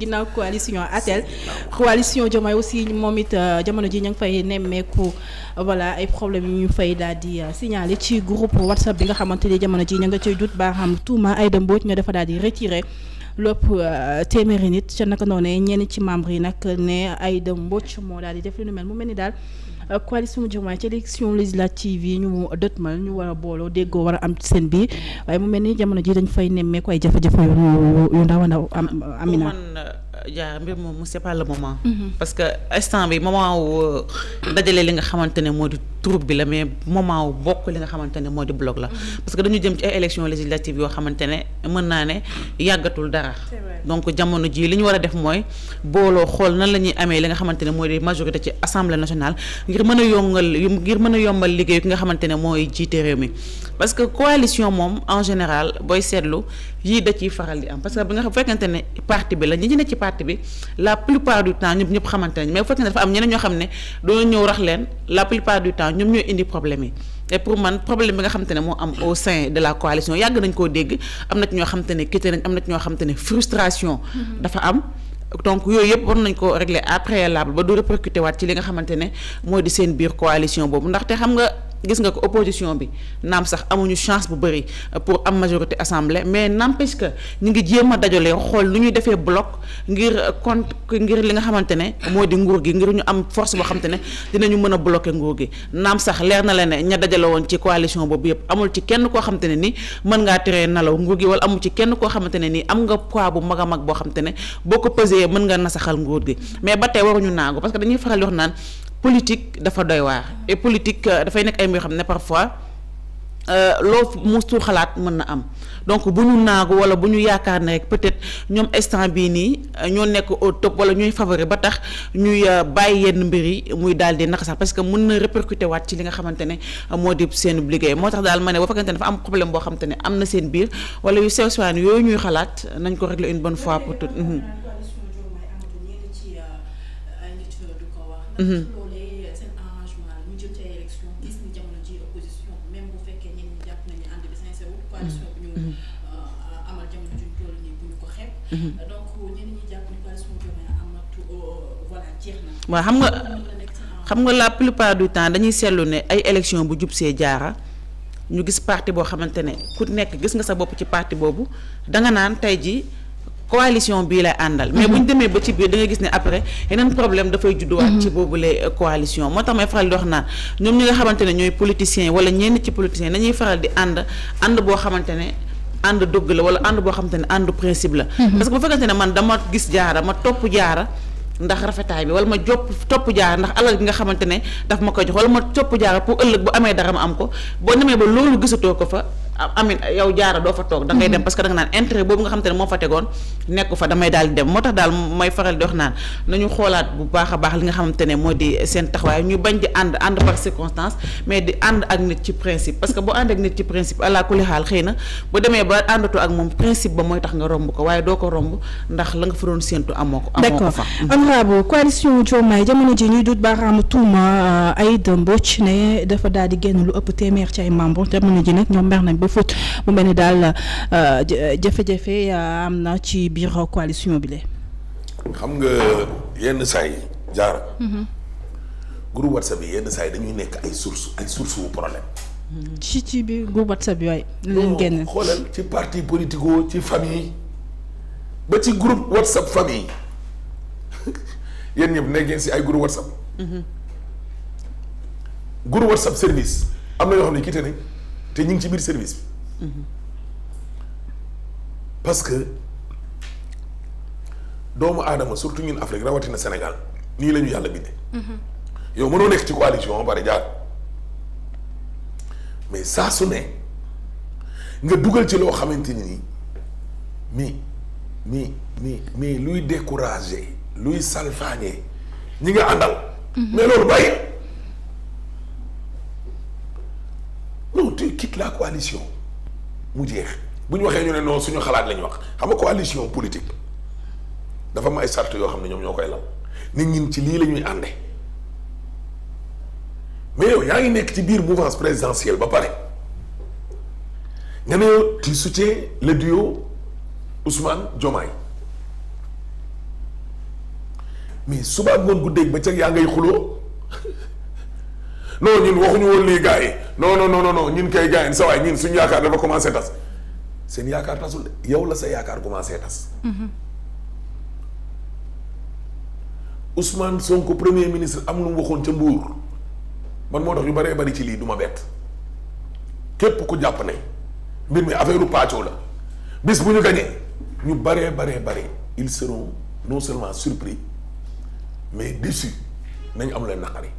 ginnaaw coalition Atel coalition Diomaye aussi moom it euh, jamono ji ñu ngi fay nemmeeku voilà ay problème yu ñu fay daal di euh, signaler ci groupe WhatsApp bi nga xamante ni jamono ji ñu nga cay dut baaxam tuuma ay dëmbooj ñoo defa daal di retiré lépp euh, téeméeri nit ca naka noonu ñenn ci membre yi nag ne ay dëmbooj moo daal di def lu nu mel mu mel ni daal Euh, coalition Diomaye ci élection législative yi ñu dëtmal ñu war a booloo déggoo war a am ci seen biir waaye mu mel ni jamono ji dañ fay nemmeeku ay jafe-jafe yu yu ndaw a ndaw am amina jaar euh, mbir moom c'est pas le moment mm-hmm. instant bi moment wu euh, li nga xamante ne moo di troupe bi la mais moment bokk li nga xamante ne moo di bloc la mm-hmm. parce que dañu jëm ci ay élections législatives yoo xamante ne mën naa ne yàggatul dara donc jamono jii li ñu war a def mooy booloo xool nan la ñuy amee li nga xamante ne mooy di majorité ci assemblée nationale ngir mën a yombal ngir mën a yombal liggéey ki nga xamante ne mooy jiite réew mi parce que coalition moom en général booy seetlu yii da ciy faral di am parce que bu nga xam fekkante ne parti bi la ñi ci ne ci parti bi la plupart du temps ñëpp ñëpp xamante ne am ñeneen ñoo xam ne doo ñëw rax leen la plupart du temps ñoom indi problème yi et pour man problème bi nga xamante ne moo am au sein de la coalition yàgg nañ koo dégg am na ci ñoo xamante ne quitté nañ am na ci ñoo xamante ne frustration mm-hmm. dafa am donc yooyu yëpp war nañ ko régler à préalable ba du répercuté waat ci li nga xamante ne mooy di seen biir coalition boobu ndaxte xam nga gis nga ko opposition bi naam sax amuñu chance bu bëri euh, pour am majorité assemblée mais n'empêche que ñu ngi jéem a xool lu ñuy defee bloc ngir euh, compte ngir li nga xamante ne moo di nguur gi ngir ñu am force boo xamante ne dinañu mën a bloquer nguur gi naam sax leer na leen ne ña dajale woon ci coalition boobu yëpp amul ci kenn koo xamante ne ni mën ngaa teree nelaw nguur gi wala amul ci kenn koo xamante ne nii am nga poids bu mag mag boo xamante ne boo ko pesee mën nga nasaxal nguur gi mais ba tey waruñu naagu parce que dañuy faral wax naan politique dafa doy waar et politique euh, dafay nekk ay mbir yoo xam ne parfois euh, loo mustu xalaat mën na am donc bu ñu naagu wala bu ñu yaakaar ne rek peut-être ñoom instant bii nii euh, ñoo nekk au top wala ñuy favori ba tax ñuy bàyyi yenn mbir yi muy daal di naka sax parce que mën na répercuter waat ci li nga xamante ne moo di seen liggéey moo tax daal ma ne bu fekkente ne dafa am problème boo xamante ne am na seen biir wala yu sew sewaan yooyu ñuy xalaat nañ ko régler une bonne fois pour tout. Mhm. Mm-hmm. donc ñenn ñi jàpp ne euh, xam nga xam nga la plupart du temps dañuy seetlu ne ay élection bu jub see jaara ñu gis parti boo xamante ne ku nekk gis nga sa bopp ci parti boobu danga naan tey ji coalition bii lay àndal. mais mm-hmm. bu ñu demee ba ci biir da nga gis ne après yeneen problème dafay judduwaat. Mm-hmm. ci boobule euh, coalition moo tax may faral di wax naan ñoom ñi nga xamante ne ñooy politiciens wala ñenn ci politiciens dañuy faral di ànd ànd boo xamante ne. ànd dëgg la wala ànd boo xam ne ànd principe la. Mhm. parce que bu fekkante ne man dama gis jaara ma topp jaara. ndax rafetaay bi wala ma jopp topp jaar ndax alal gi nga xamante ne daf ma koy jox wala ma topp jaara pour ëllëg bu amee dara ma am ko boo demee ba loolu gisatoo ko fa amin yow jaara doo fa toog da ngay dem mm-hmm. parce que da nga naan intérêt boobu nga xam moo fa tegoon nekku fa damay daal di dem moo tax daal may faral di wax naan nañu xoolaat bu baax a baax li nga xamante ne moo di seen taxawaay ñu bañ di ànd ànd par circonstance mais di ànd ak nit ci principe parce que boo ànd ak nit ci principe àla kulli xaal xëy na bu demee ba àndatoo ak moom principe ba mooy tax nga romb ko waaye doo ko romb ndax la nga fa doon séentu amoo ko amoo ko fa foot mu mel ni daal euh, jafe-jafe euh, am na ci biir coalition bi le xam nga yenn saa yi jaara mm-hmm. groupe whatsapp yi yenn saa yi dañuy nekk ay source ay source wu problème mm-hmm. ci ci biir groupe whatsapp yooyu leen génn xoolal ci parti politico ci famille ba ci groupe whatsapp famille yéen ñëpp ne ngeen si ay groupe whatsapp mm-hmm. groupe whatsapp service am na yoo xam ne quitté nañ te ñu ngi ci biir service bi. Mhm. parce que doomu aadama surtout ñun Afrique rawatina Sénégal nii la ñu yàlla bindee. Mhm. yow mënoo nekk ci coalition ba pare jaar mais saa su ne nga dugal ci loo xamante ni mi mi mi luy décourager luy salfaañee ñi nga àndal. Mhm. mais loolu bàyyi. la coalition mu jeex bu ñu waxee ñu ne non suñu xalaat la wax xam nga coalition politique dafa am ay sart yoo xam ne ñoom ñoo koy lal nit ñi ci lii lañuy ànde mais yaa ngi nekk ci biir mouvance présidentielle ba pare nga ne tu soutiens le duo Ousmane Diomaye mais suba ngoon guddeeg ba bëccëg yaa ngay xuloo non ñun waxuñu woon lii gars yi non non non non ñun kay gars yi sa waay ñun suñu yaakaar dafa commencé tas seen yaakaar tasul de yow la sa yaakaar commencé tas. Mm-hmm. Ousmane Sonko premier ministre am lu mu waxoon ca Mbour man moo tax yu bëree bëri ci lii du ma bett képp ku jàpp ne mbir mi affaire u pàccoo la bis bu ñu gañee ñu bëree baree bëri ils seront non seulement surpris mais déçus nañ am leen naqari.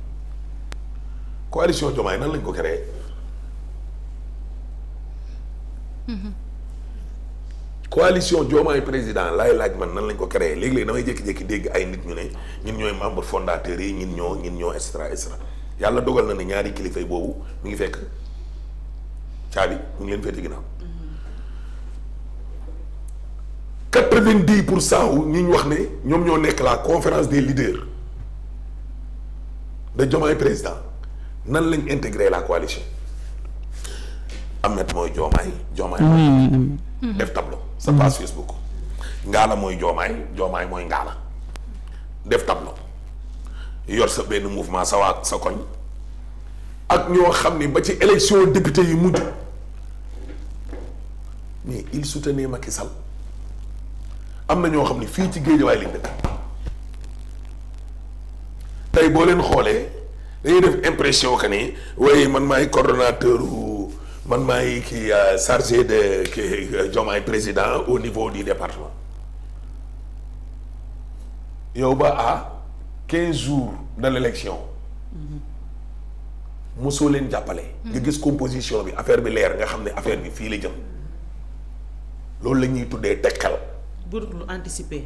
coalition Diomaye nan lañ ko créé. coalition Diomaye président laay laaj man nan lañ ko créé léegi-léegi damay jékki-jékki dégg ay nit ñu ne ñun ñooy membre fondateur yi ñun ñoo ñun ñoo et yàlla dogal na ne ñaari kilifa boobu mu ngi fekk caabi mu ngi leen féete ginnaaw. quatre-vingt-dix pour cent wu ñu wax ne ñoom ñoo nekk la conférence des leaders de Diomaye président. nan lañ intégrer la coalition Ahmed mooy Diomaye Diomaye mooy mm-hmm. def tableau mm-hmm. mooy Diomaye Diomaye mooy Ngala def tableau yor sa benn mouvement sa waa sa koñ ak ñoo xam ni ba ci élection député yi mujj mais il soutenait Macky Sall am na ñoo xam ni fii ci Guédiawaye lañ dëkk tey boo leen xoolee dañuy def impression que ni waaye man maay cordonateur man maay kii euh, chargé de kii euh, jomaay président au niveau du département yow ba à quinze jours de l'élection mhm. mosoo leen jàppale. nga mhm. gis composition bi affaire bi leer nga xam ne affaire bi fii la jëm loolu la ñuy tuddee tekkal. burux lu anticipé.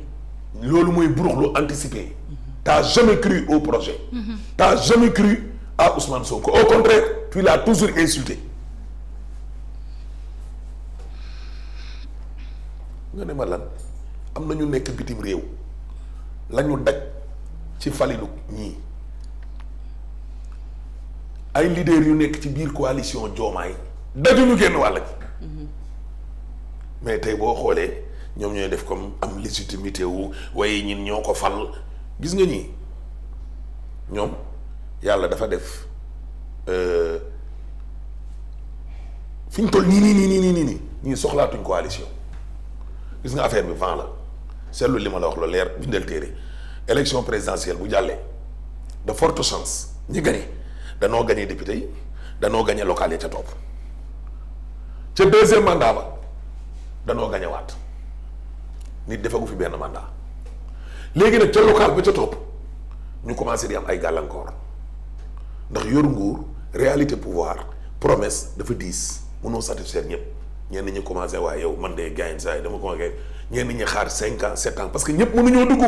loolu mooy burux lu anticipé. Mhm. a jamais cru au projet. Mhm. t'as jamais cru à Ousmane Sonko au contraire tu l'as toujours insulté. nga ne am na ñu nekk bitim réew la daj ci falilu ñii ay leader yu nekk ci biir coalition Diomaye dajuñu génn wàll mhm. mais tey boo xoolee ñoom ñooy def comme am légitimité wu ñin ñoo ko fal gis nga ñii ñoom yàlla dafa def euh, fi ñu toll nii nii nii nii nii nii ñii soxlaatuñ coalition gis nga affaire bi vent la seetlu li ma la wax la leer bindal téere élection présidentielle bu jàllee de forte chance ñi gagné danoo gagné député yi danoo gagné local yi ca topp ca deuxième mandat ba danoo gagné waat nit defagu fi benn mandat. léegi nag ca local ba ca topp ñu commencé di am ay gàllankoor ndax yor nguur réalité pouvoir promesse dafa diis mënoo satisfaire ñëpp ñenn ñi commencé waaye yow man de gaañ saa yi dama ko waxee ñenn ñi xaar cinq ans sept ans parce que ñëpp ñoo dugg